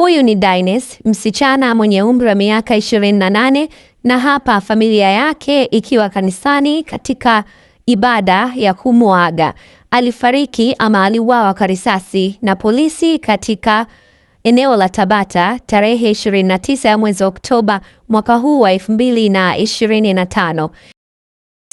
Huyu ni Dynes, msichana mwenye umri wa miaka 28 na hapa familia yake ikiwa kanisani katika ibada ya kumuaga. Alifariki ama aliuawa kwa risasi na polisi katika eneo la Tabata tarehe 29 ya mwezi Oktoba mwaka huu wa 2025.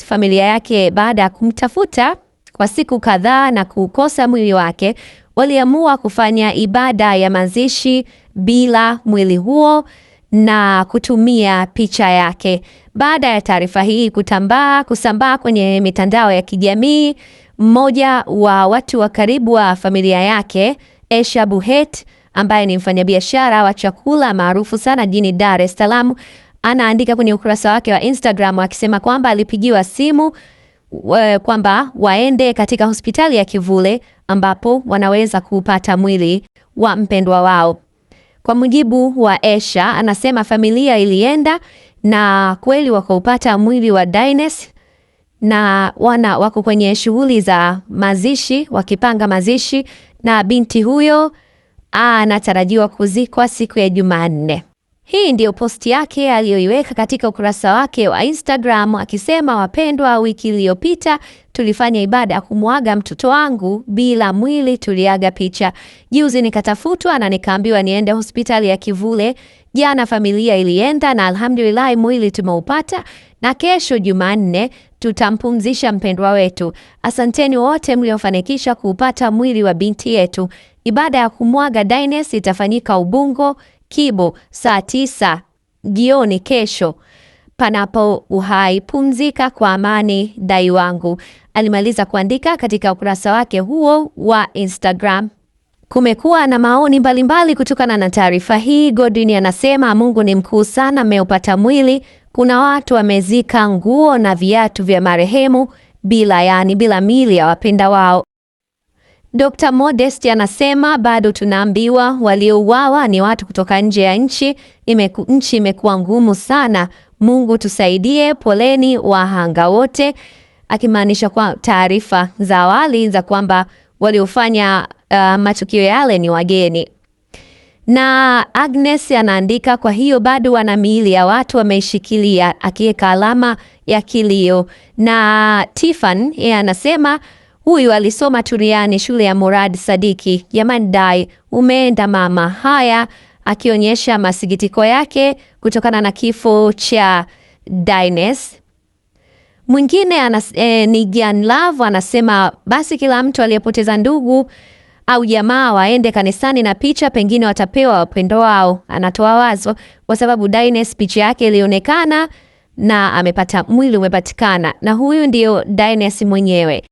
Familia yake baada ya kumtafuta kwa siku kadhaa na kukosa mwili wake waliamua kufanya ibada ya mazishi bila mwili huo na kutumia picha yake. Baada ya taarifa hii kutambaa kusambaa kwenye mitandao ya kijamii, mmoja wa watu wa karibu wa familia yake Esha Buhet ambaye ni mfanyabiashara wa chakula maarufu sana jijini Dar es Salaam anaandika kwenye ukurasa wake wa Instagram akisema kwamba alipigiwa simu kwamba waende katika hospitali ya Kivule ambapo wanaweza kupata mwili wa mpendwa wao. Kwa mujibu wa Esha, anasema familia ilienda na kweli wakaupata mwili wa Dines na wana wako kwenye shughuli za mazishi, wakipanga mazishi na binti huyo anatarajiwa kuzikwa siku ya Jumanne. Hii ndiyo posti yake aliyoiweka katika ukurasa wake wa Instagram akisema, wapendwa, wiki iliyopita tulifanya ibada ya kumwaga mtoto wangu bila mwili, tuliaga picha. Juzi nikatafutwa na nikaambiwa niende hospitali ya Kivule. Jana familia ilienda na alhamdulillah, mwili tumeupata, na kesho Jumanne tutampumzisha mpendwa wetu. Asanteni wote mliofanikisha kuupata mwili wa binti yetu. Ibada ya kumwaga Dainess itafanyika Ubungo Kibo saa tisa jioni kesho, panapo uhai, pumzika kwa amani dai wangu. Alimaliza kuandika katika ukurasa wake huo wa Instagram. Kumekuwa na maoni mbalimbali kutokana na taarifa hii. Godwin anasema Mungu ni mkuu sana, mmeupata mwili. Kuna watu wamezika nguo na viatu vya marehemu bila, yani bila mili ya wapenda wao. Dr. Modest anasema bado tunaambiwa waliouawa ni watu kutoka nje ya nchi. Imeku, nchi imekuwa ngumu sana. Mungu tusaidie, poleni wahanga wote, akimaanisha kwa taarifa za awali za kwamba waliofanya uh, matukio yale ni wageni. Na Agnes anaandika, kwa hiyo bado wana miili ya watu wameishikilia, akiweka alama ya kilio. Na Tiffan yeye anasema Huyu alisoma Turiani shule ya Murad Sadiki. Jamani umeenda mama. Haya, akionyesha masikitiko yake kutokana na kifo cha Dines. Mwingine anas, e, ni Love anasema basi kila mtu aliyepoteza ndugu au jamaa waende kanisani na picha, pengine watapewa wapendo wao. Anatoa wazo kwa sababu Dines picha yake ilionekana na amepata mwili umepatikana, na huyu ndio Dines mwenyewe.